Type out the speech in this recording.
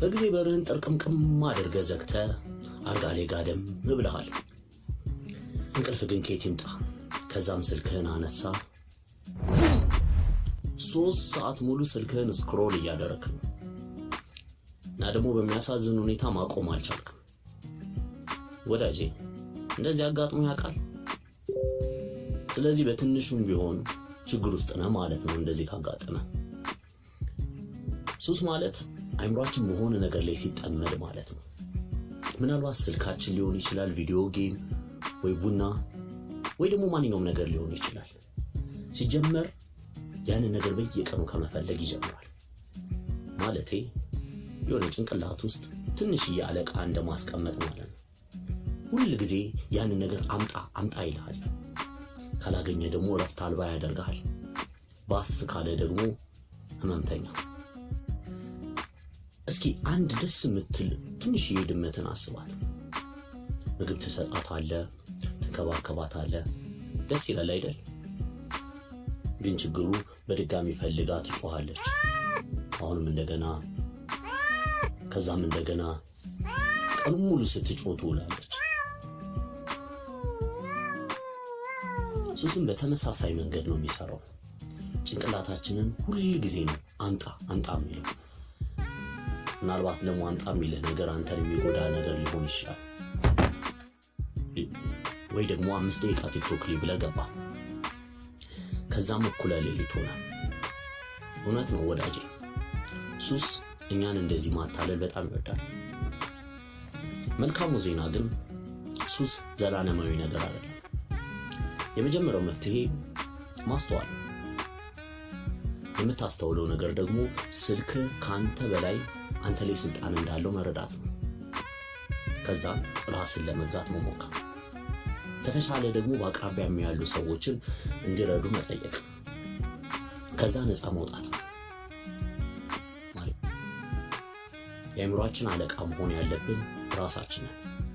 በጊዜ በርህን ጥርቅምቅም አድርገ ዘግተ አልጋ ጋደም ብለሃል። እንቅልፍ ግን ኬት ይምጣ? ከዛም ስልክህን አነሳ። ሶስት ሰዓት ሙሉ ስልክህን ስክሮል እያደረግ ነው እና ደግሞ በሚያሳዝን ሁኔታ ማቆም አልቻልክም። ወዳጄ እንደዚህ አጋጥሞ ያውቃል። ስለዚህ በትንሹም ቢሆን ችግር ውስጥ ነህ ማለት ነው። እንደዚህ ካጋጠመ ሱስ ማለት አይምሯችን በሆነ ነገር ላይ ሲጠመድ ማለት ነው። ምናልባት ስልካችን ሊሆን ይችላል፣ ቪዲዮ ጌም ወይ ቡና ወይ ደግሞ ማንኛውም ነገር ሊሆን ይችላል። ሲጀመር ያንን ነገር በየቀኑ ከመፈለግ ይጀምራል። ማለቴ የሆነ ጭንቅላት ውስጥ ትንሽዬ አለቃ እንደማስቀመጥ ማለት ነው። ሁል ጊዜ ያንን ነገር አምጣ አምጣ ይልሃል። ካላገኘ ደግሞ እረፍት አልባ ያደርግሃል። ባስ ካለ ደግሞ ህመምተኛ እስኪ አንድ ደስ የምትል ትንሽዬ ድመትን አስባት። ምግብ ትሰጣት አለ ትንከባከባት አለ ደስ ይላል አይደል? ግን ችግሩ በድጋሚ ፈልጋ ትጮኋለች። አሁንም እንደገና፣ ከዛም እንደገና ቀኑ ሙሉ ስትጮ ትውላለች። ሱስም በተመሳሳይ መንገድ ነው የሚሰራው። ጭንቅላታችንን ሁል ጊዜ ነው አንጣ አንጣ የሚለው ምናልባት ለሟንጣ የሚልህ ነገር አንተን የሚጎዳ ነገር ሊሆን ይችላል። ወይ ደግሞ አምስት ደቂቃ ቲክቶክ ላይ ብለህ ገባ። ከዛም እኩለ ሌሊት ሆነ። እውነት ነው ወዳጄ፣ ሱስ እኛን እንደዚህ ማታለል በጣም ይወዳል። መልካሙ ዜና ግን ሱስ ዘላለማዊ ነገር አለ። የመጀመሪያው መፍትሄ ማስተዋል የምታስተውለው ነገር ደግሞ ስልክ ከአንተ በላይ አንተ ላይ ስልጣን እንዳለው መረዳት ነው። ከዛም ራስን ለመግዛት መሞከር፣ ከተሻለ ደግሞ በአቅራቢያ ያሉ ሰዎችን እንዲረዱ መጠየቅ፣ ከዛ ነፃ መውጣት። የአእምሯችን አለቃ መሆን ያለብን ነው።